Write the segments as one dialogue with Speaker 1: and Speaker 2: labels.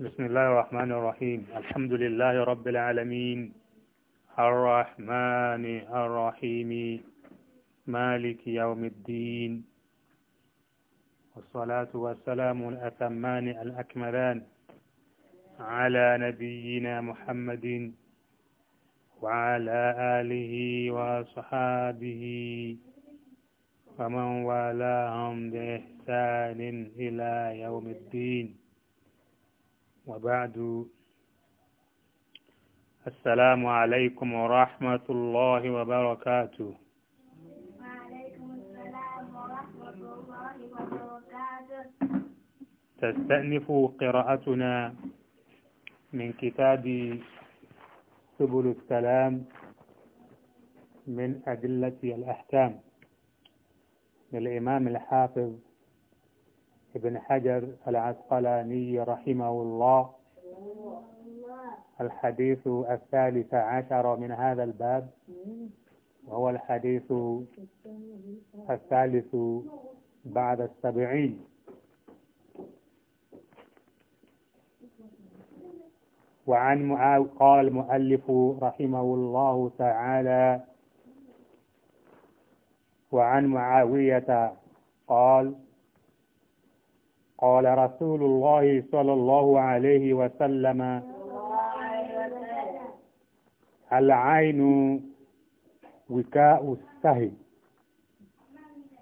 Speaker 1: بسم الله الرحمن الرحيم الحمد لله رب العالمين الرحمن الرحيم مالك يوم الدين والصلاة والسلام الأتمان الأكملان على نبينا محمد وعلى آله وصحابه ومن والاهم بإحسان إلى يوم الدين وبعد السلام عليكم ورحمة الله وبركاته وعليكم السلام ورحمة الله وبركاته تستأنف قراءتنا من كتاب سبل السلام من أدلة الأحكام للإمام الحافظ ابن حجر العسقلاني رحمه الله الحديث الثالث عشر من هذا الباب وهو الحديث الثالث بعد السبعين وعن معاو قال المؤلف رحمه الله تعالى وعن معاوية قال قال رسول الله صلى الله عليه وسلم العين وكاء السهي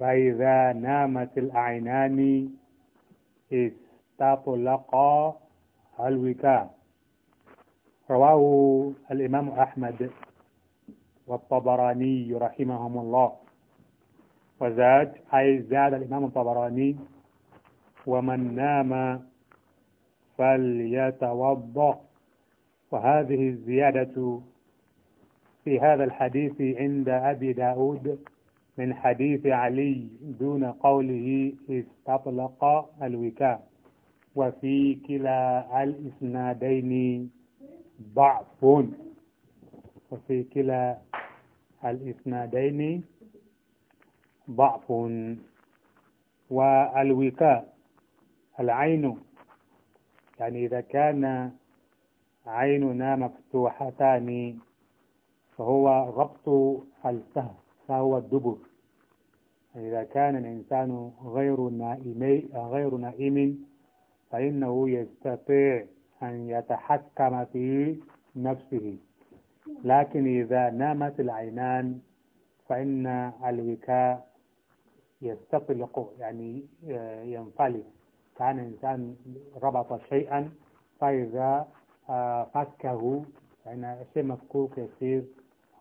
Speaker 1: فإذا نامت الأعينان استطلقا الوكاء رواه الإمام أحمد والطبراني رحمهم الله وزاد أي زاد الإمام الطبراني ومن نام فليتوضأ وهذه الزيادة في هذا الحديث عند أبي داود من حديث علي دون قوله استطلق الوكاء وفي كلا الإسنادين ضعف وفي كلا الإسنادين ضعف والوكاء العين يعني إذا كان عيننا مفتوحتان فهو ربط السهم فهو الدبر إذا كان الإنسان غير نائم غير نائم فإنه يستطيع أن يتحكم في نفسه لكن إذا نامت العينان فإن الوكاء يستطلق يعني آه، ينفلت كان الإنسان ربط شيئا فإذا آه، فكه يعني شيء مفكوك يصير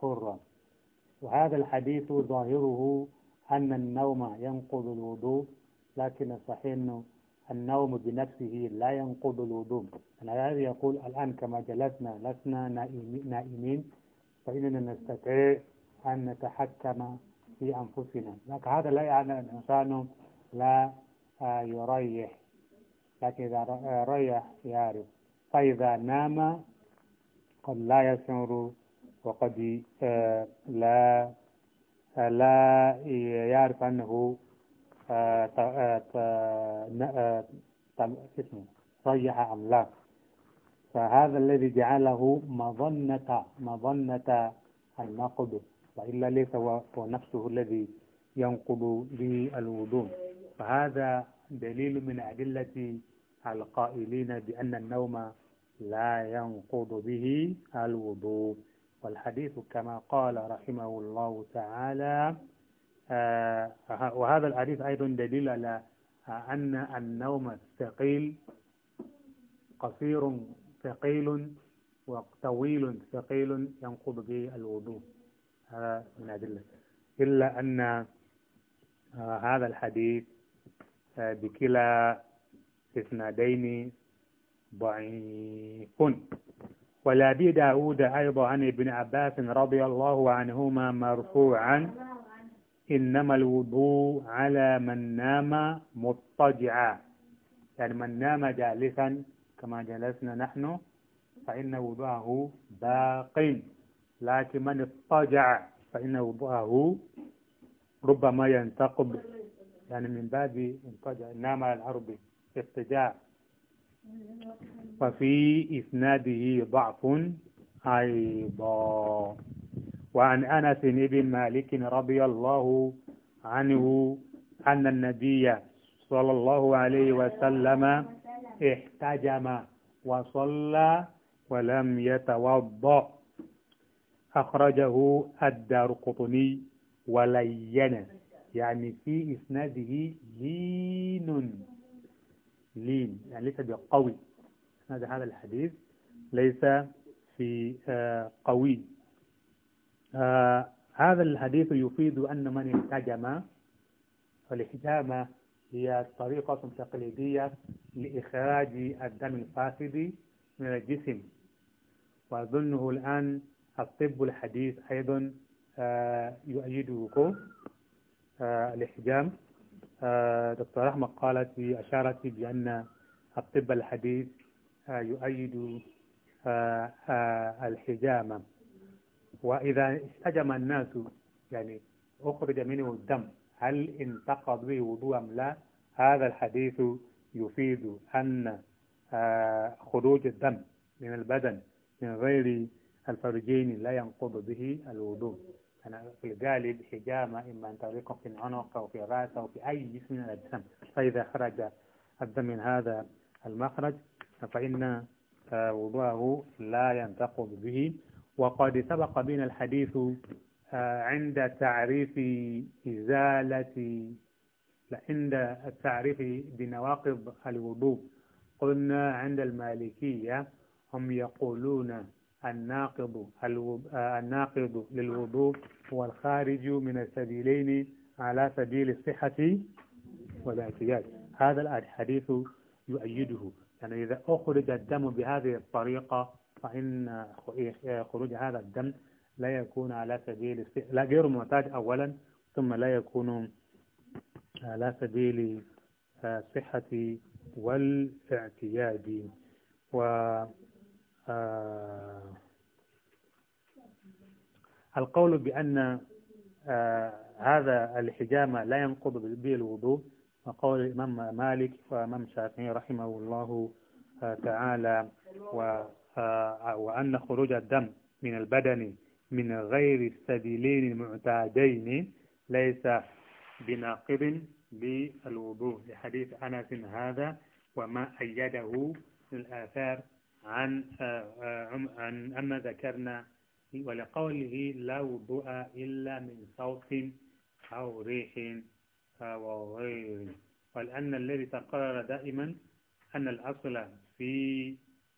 Speaker 1: حرا وهذا الحديث ظاهره أن النوم ينقض الوضوء لكن الصحيح أنه النوم بنفسه لا ينقض الوضوء هذا يقول الآن كما جلسنا لسنا نائمين فإننا نستطيع أن نتحكم في أنفسنا لكن هذا لا يعني أن الإنسان لا آه، يريح لكن إذا ريح آه، يعرف فإذا نام قد لا يشعر وقد آه، لا آه، لا يعرف أنه ريح أم لا فهذا الذي جعله مظنة مظنة النقد وإلا ليس هو نفسه الذي ينقض به الوضوء فهذا دليل من أدلة القائلين بأن النوم لا ينقض به الوضوء والحديث كما قال رحمه الله تعالى آه، وهذا الحديث أيضا دليل على آه، أن النوم الثقيل قصير ثقيل وطويل ثقيل ينقض به الوضوء هذا من أدلة إلا أن آه، هذا الحديث بكلا إسنادين ضعيف ولابي داود أيضا عن ابن عباس رضي الله عنهما مرفوعا إنما الوضوء على من نام مضطجعا يعني من نام جالسا كما جلسنا نحن فإن وضوءه باق لكن من اضطجع فإن وضوءه ربما ينتقب يعني من باب انتجع نام على الأرض ارتجاع وفي إسناده ضعف أيضا وعن أنس بن مالك رضي الله عنه أن النبي صلى الله عليه وسلم احتجم وصلى ولم يتوضأ أخرجه الدار قطني ولينه يعني في إسناده لين لين يعني ليس بقوي هذا هذا الحديث ليس في آه، قوي آه، هذا الحديث يفيد أن من احتجم فالحجامة هي طريقة تقليدية لإخراج الدم الفاسد من الجسم وأظنه الآن الطب الحديث أيضا آه، يؤيده الاحجام آه، دكتور أحمد قالت أشارت بأن الطب الحديث آه، يؤيد آه، الحجامة وإذا استجم الناس يعني أخرج منه الدم هل انتقض به وضوء أم لا هذا الحديث يفيد أن خروج الدم من البدن من غير الفرجين لا ينقض به الوضوء أنا في الغالب حجامة إما أن تغرقه في العنق أو في الرأس أو في أي جسم من الدم فإذا خرج الدم من هذا المخرج فإن آه، وضوءه لا ينتقض به وقد سبق بنا الحديث آه، عند تعريف إزالة عند التعريف بنواقض الوضوء قلنا عند المالكية هم يقولون الناقض آه، الناقض للوضوء هو الخارج من السبيلين على سبيل الصحة والاعتياد هذا الحديث يؤيده يعني إذا أخرج الدم بهذه الطريقة فإن آه، خروج هذا الدم لا يكون على سبيل لا غير معتاد أولا ثم لا يكون على سبيل آه، الصحة والاعتياد و آه القول بأن آه هذا الحجامة لا ينقض به الوضوء وقول الإمام مالك وإمام شافعي رحمه الله آه تعالى و آه، وأن خروج الدم من البدن من غير السبيلين المعتادين ليس بناقض بالوضوء لحديث أنس هذا وما أيده الآثار عن آه، آه، عن أما ذكرنا ولقوله لا وضوء إلا من صوت أو ريح أو غير ولأن الذي تقرر دائما أن الأصل في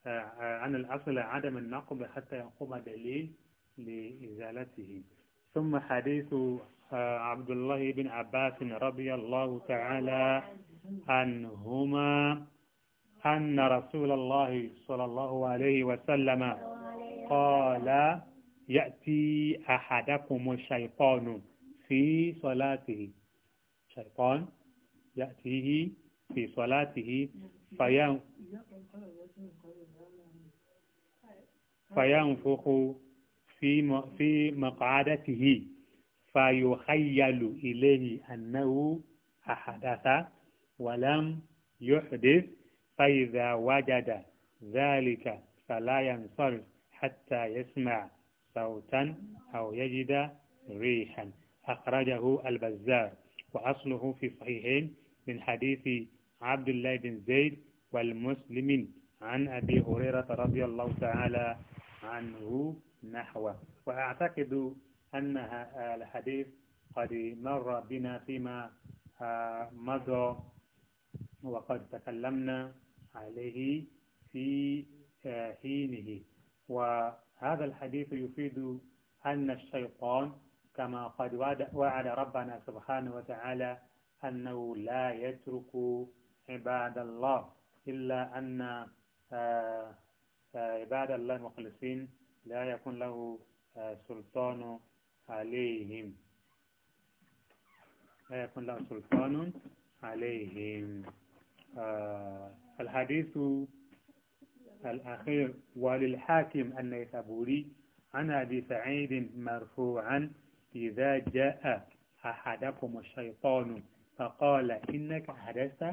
Speaker 1: آه، أن الأصل عدم النقب حتى يقوم دليل لإزالته ثم حديث عبد الله بن عباس رضي الله تعالى عنهما أن رسول الله صلى الله عليه وسلم قال يأتي أحدكم الشيطان في صلاته شيطان يأتيه في صلاته فين فينفخ في في مقعدته فيخيل إليه أنه أحدث ولم يحدث فإذا وجد ذلك فلا ينصرف حتى يسمع صوتا أو يجد ريحا أخرجه البزار وأصله في صحيحين من حديث عبد الله بن زيد والمسلم عن أبي هريرة رضي الله تعالى عنه نحوه وأعتقد أن الحديث قد مر بنا فيما آه، مضى وقد تكلمنا عليه في آه، حينه وهذا الحديث يفيد أن الشيطان كما قد وعد ربنا سبحانه وتعالى أنه لا يترك عباد الله إلا أن آه، آه، عباد الله المخلصين لا يكون له سلطان عليهم لا يكون له سلطان عليهم آه الحديث الأخير وللحاكم النيسابوري عن أبي سعيد مرفوعا إذا جاء أحدكم الشيطان فقال إنك حدثت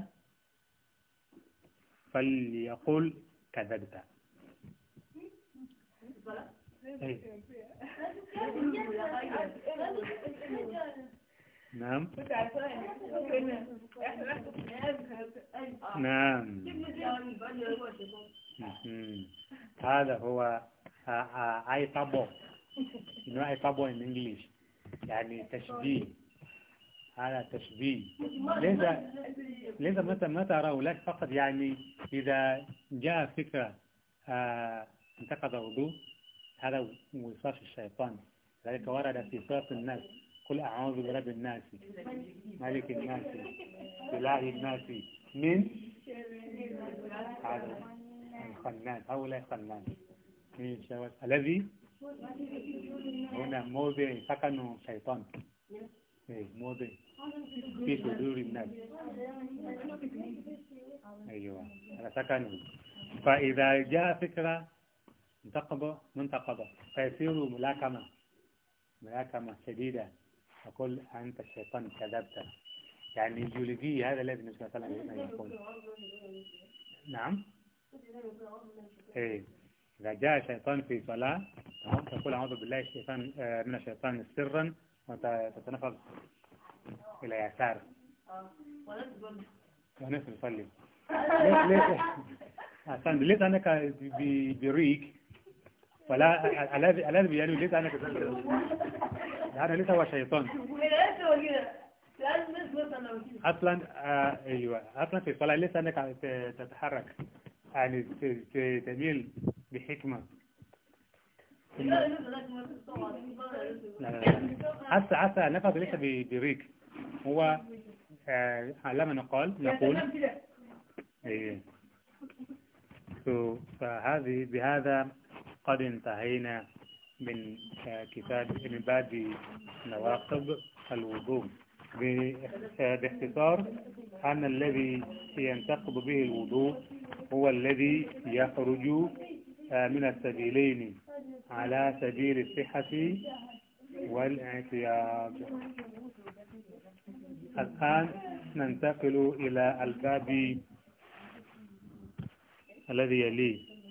Speaker 1: فليقل كذبت إيه. نعم, نعم. نعم هذا هو اي طبو انه اي طبو ان انجليش يعني تشبيه هذا تشبيه ليس ليس متى ما ترى لك فقط يعني اذا جاء فكره آه، انتقد الوضوء هذا وصف الشيطان ذلك ورد في سورة الناس قل أعوذ برب الناس ملك الناس إله الناس من عدم الخنان هؤلاء خنان من شوال الذي هنا موضع سكن شيطان إيه، موضع في صدور الناس أيوة هذا سكن فإذا جاء فكرة منتقبة منتقبة فيصير ملاكمة ملاكمة شديدة أقول أنت الشيطان كذبت يعني الجيولوجي هذا لازم يسمى مثلا نعم ايه إذا جاء شيطان في صلاة تقول أعوذ بالله الشيطان من الشيطان سرا وتتنفذ إلى يسار ونفس نصلي ليش ليش عشان ليش أنك بريك فلا الذي يعني بيعني انا أنك أنا ليس هو شيطان اصلا ايوه اصلا في الصلاه ليس انك تتحرك يعني تميل بحكمه عسى عسى نفذ ليس بريك هو آه نقال نقول ايه فهذه بهذا قد انتهينا من كتاب من باب نواقض الوضوء آه، باختصار أن الذي ينتقض به الوضوء هو الذي يخرج آه، من السبيلين على سبيل الصحة والاعتياد الآن ننتقل إلى الباب الذي يليه